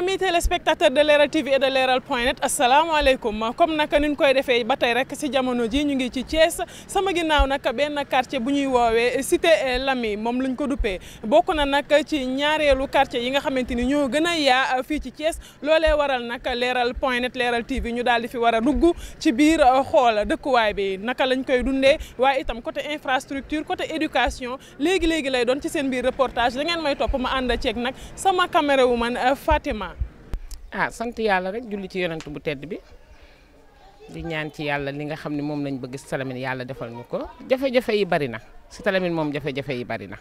amis téléspectateurs de Leral TV et de Leral point net asalaamaaleykum comme naka ni ñu koy defee ba tey rek si jamono ji ñu ngi ci Thiès sama ginnaaw nag benn quartier bu ñuy woowee cité Lamy moom lañ ko duppee bokk na nag ci ñaareelu quartier yi nga xamante ni ñoo gën a yaa fii ci Thiès loolee waral nag leeral point net Leral TV ñu daal di fi war a dugg ci biir uh, xool a dëkkuwaay bi naka lañ koy dundee waaye itam côté infrastructure côté éducation léegi léegi lay doon ci seen biir reportage da ngeen may topp ma ànd ceeg nag ah sant yàlla rek julli ci yonent bu tedd bi di ñaan ci yàlla li nga xam ne moom lañ bëgg si talamin yàlla defal ñu ko jafe-jafe yi bari na si talamin moom jafe yi bari na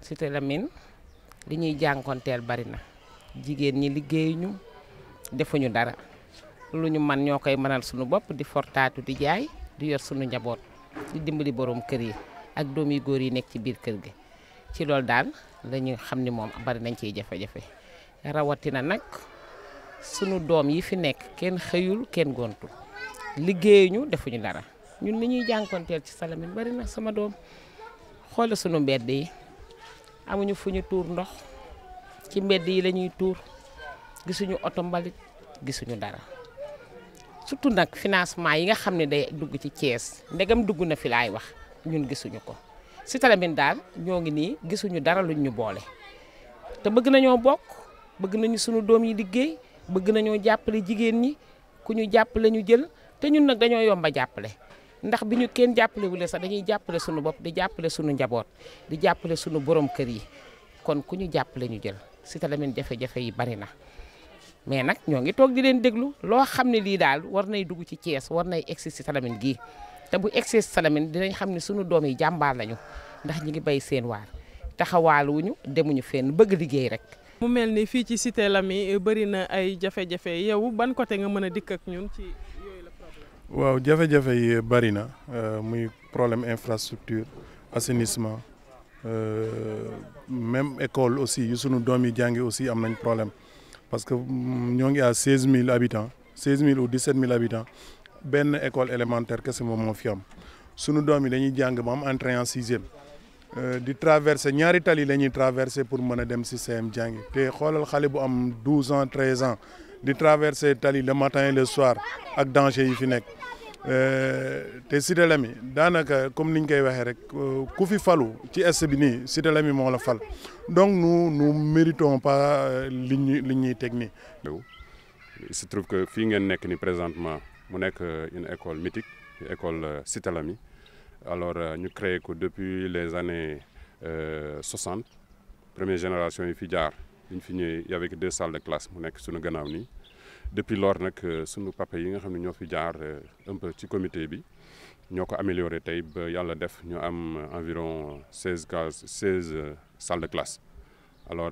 si talamin li ñuy jànkonteel bari na jigéen ñi liggéey ñu defuñu dara lu ñu man ñoo koy mënal suñu bopp di fortaatu di jaay di yor suñu njaboot di dimbali boroom kër yi ak doom yi góor yi nekk ci biir kër gi ci loolu daal la xam ni moom bari nañ ciy jafe-jafe rawatina nag sunu doom yi fi nekk kenn xëyul kenn gontu liggéeyuñu defuñu dara ñun li ñuy jànkonteel ci Salamine bari na sama doom xoole sunu mbedd yi amuñu fu ñu tuur ndox ci mbedd yi lañuy tuur gisuñu oto mbalit gisuñu dara surtout nag financement yi nga xam ne day dugg ci Thiès ndegam dugg na fi laay wax ñun gisuñu ko si Salamine daal ñoo ngi nii gisuñu dara luñ ñu boole te bëgg nañoo bokk bëgg nañu sunu doom yi liggéey bëgg nañoo jàppale jigéen ñi ku ñu jàppale ñu jël te ñun nag dañoo yomba jàppale ndax bi ñu kenn jàppale wule sax dañuy jàppale suñu bopp di jàppale suñu njaboot di jàppale suñu borom kër yi kon ku ñu jàppale ñu jël si te tamit jafe-jafe yi bari na mais nag ñoo ngi toog di leen déglu loo xam ne lii daal war nay dugg ci Thiès war nay egsi si Salamine gii te bu egsi si Salamine dinañ xam ne sunu doom yi jàmbaar lañu ndax ñu ngi bay seen waar taxawaaluwuñu demuñu fenn bëgg liggéey rek mu mel ni fii ci Cité Lamy bëri na ay jafe-jafe yow ban côté nga mën a dikk ak ñun ci waaw jafe-jafe yi bëri na euh, muy problème infrastructure assainissement euh, même école aussi sunu doom yi jàngi aussi am nañ problème parce que mm, ñoo ngi à seize mille habitants seize mille ou dix sept mille benn école élémentaire kese moom moo fi am sunu doom yi dañuy jàng ba am entrée en sixième. Euh, di traverser ñaari tali la ñuy traverser pour mën a dem si CM jàngi te xoolal xale bu am douze ans 13 ans di traverser tali le matin et le soir ak danger yi fi nekk euh, te Cité Lamy daanaka comme niñ koy waxee rek euh, ku fi falu ci est bi nii Cité Lamy moo la fal donc nous nous méritons pas li ñuy li ñuy teg nii. il se trouve que fii ngeen nekk ni présentement mu nekk une école mythique école Cité Lamy alors euh, ñu créé ko depuis les années euh, soixante première génération yi fi jaar ñu fi ñëwee avec deux salles de classe mu nekk suñu gannaaw nii depuis lors nag euh, suñu papa yi nga xam ne ñoo fi jaar un peu ci comité bi ñoo ko amélioré tey ba yàlla def ñu am environ seize cases seize salles de classe alors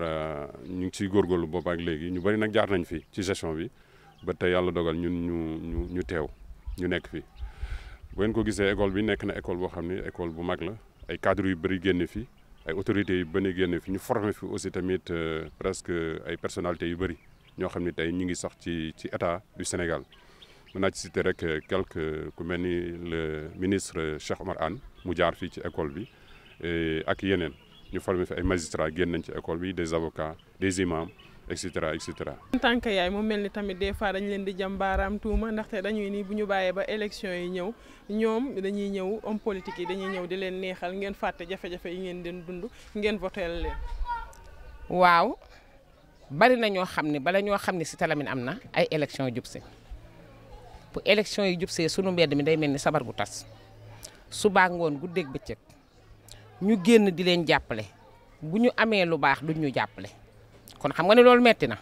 ñu ngi ciy góorlu bopp ak léegi ñu bari nag jaar nañ fi ci gestion bi ba tey yàlla dogal ñun ñu ñu ñu teew ñu nekk fi bu ngeen ko gisee école bi nekk na école boo xam ne école bu mag la ay cadres yu bëri génn fi ay autorité yu bëri génn fi ñu formé fi aussi tamit euh, presque ay personnalités yu bëri ñoo xam ne tey ñu ngi sax ci ci état du Sénégal mën naa ci citer rek euh, quelque ku mel ni le ministre Cheikh Omar Anne mu jaar fii ci école bi ak yeneen ñu formé fi ay magistrats génn nañ ci école bi des avocats des imams. et cetera et cetera. tant que yaay mu mel ni tamit des fois dañ leen di jam baaraam tuuma ndaxte dañuy nii bu ñu bàyyee ba élection yi ñëw ñoom dañuy ñëw homme politique yi dañuy ñëw di leen neexal ngeen fàtte jafe-jafe yi ngeen den dund ngeen voteel leen. waaw bari ñoo xam ne bala ñoo xam ne si Lamy am na ay élection jubse bu élection yi jub see sunu mbedd mi day mel ni sabar gu tas subaa ngoon guddeeg bëccëg ñu génn di leen jàppale bu ñu amee lu baax duñ kon xam nga ne loolu metti na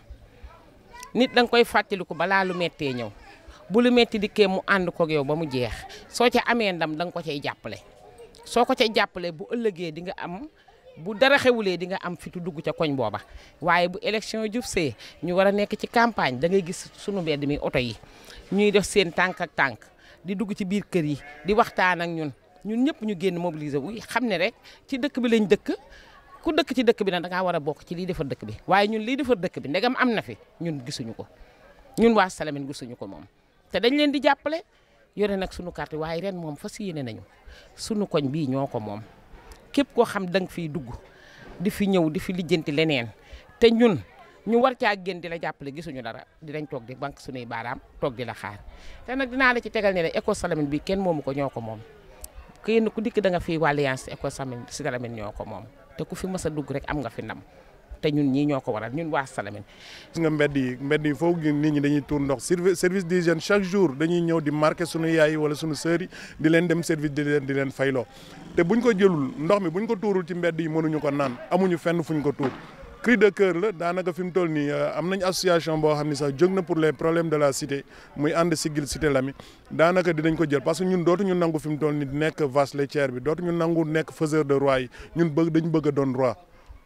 nit danga nga koy fàttaliku balaa lu méttee ñëw bu lu di dikkee mu ànd koog yow ba mu jeex soo ca amee ndam da nga ko cay jàppale soo ko cay jàppale bu ëllëgee di nga am bu dara xewulee di nga am fitu dugg ca koñ booba waaye bu élection jub see ñu war a nekk ci campagne da ngay gis sunu mbedd mi oto yi ñuy def seen tànk tànk di dugg ci biir kër yi di waxtaan ak ñun ñun ñëpp ñu génn mobiliser wu xam ne rek ci dëkk bi lañ dëkk ku dëkk ci dëkk bi nag da a bokk ci liy defar dëkk bi waaye ñun liy defar dëkk bi ndegam am na fi ñun gisuñu ko ñun waa Salamine gisuñu ko moom te dañ leen di jàppale yore nag suñu carte waaye ren moom fas yéene nañu suñu koñ bii ñoo ko moom képp koo xam da nga fiy dugg di fi ñëw di fi lijjanti leneen te ñun ñu war caa génn di la jàppale gisuñu dara dinañ toog di banque suñuy baaraam toog di la xaar te nag dinaa la ci tegal ne la école Salamine bi kenn moomu ko ñoo ko moom kenn ku dikk da nga fiy wàlliance école Salamine ñoo ko moom te ku fi mës dugg rek am nga fi ndam te ñun ñii ñoo ko waral ñun waa Salamine. gis nga mbedd yi mbedd yi foo nit ñi dañuy tuur ndox service d'hygiène chaque jour dañuy ñëw di marqué sunu yaay wala sunu sœur di leen dem service di leen di leen fayloo te buñ ko jëlul ndox mi buñ ko tuurul ci mbedd yi mënuñu ko naan amuñu fenn fu ñu ko tuur. cri de cœur la daanaka fi mu toll nii euh, am nañ association boo xam ne sax jóg na pour les problèmes de la cité muy ànd siggil cité Lamy daanaka dinañ ko jël parce que ñun dootuñu nangu fi mu toll nii nekk vache laitière bi dootuñu nangu nekk faiseur de roi yi ñun bëgg dañu bëgg a doon roi.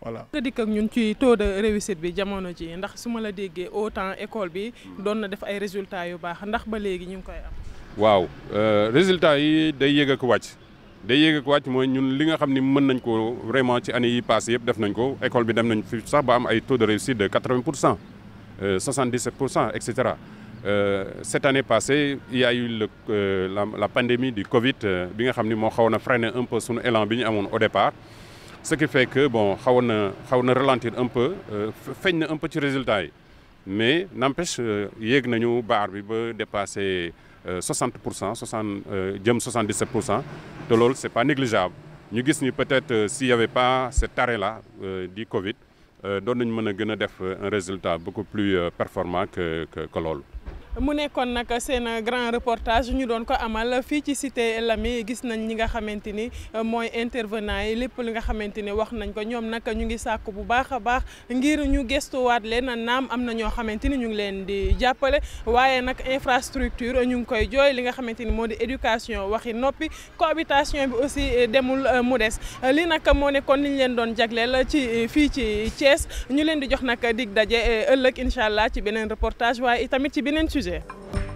voilà nga dikk ak ñun ci taux de réussite bi jamono ji ndax su la déggee autant école bi doon na def ay résultats yu baax ndax ba léegi ñu ngi koy am. waaw euh, résultat yi day yéeg ak wàcc. day yéeg ak wàcc mooy ñun li nga xam ni mën nañ ko vraiment ci années yi passé yëpp def nañ ko école bi dem nañ fi sax ba am ay taux de réussite de 80 pour cent 77 euh, pour cent et cetera euh, cette année passée il y a eu le euh, la la pandémie du Covid bi nga xam ni moo xawoon a freiné un peu sunu élan bi ñu amoon au départ ce qui fait que bon xawoon na xaw na ralentir un peu feeñ na un peu ci résultat yi mais n'empêche yéeg nañu baar bi ba dépassé. 60 euh, pour cent 60 euh, jëm 77 pour cent te loolu c'est pas négligeable ñu gis ni peut-être euh, s'il y avait pas cet arrêt là du Covid doon nañ mën a gën a def un résultat beaucoup plus performant que que loolu. mu nekkoon nag seen grand reportage ñu doon ko amal fii ci cité Lamy gis nañ ñi nga xamante ni euh, mooy intervenant yi lépp li nga xamante ni wax nañ ko ñoom nag ñu ngi sàkku bu baax a baax ngir ñu gestuwaat leen naam am na ñoo xamante ni ñu ngi leen di jàppale waaye nag infrastructure ñu ngi koy jooy li nga xamante ni moo di éducation waxi noppi cohabitation bi aussi demul euh, mu des li nag moo nekkoon li ñu leen doon la ci euh, fii ci Thiès ñu leen di jox nag dig daje ëllëg incha allah ci beneen museer.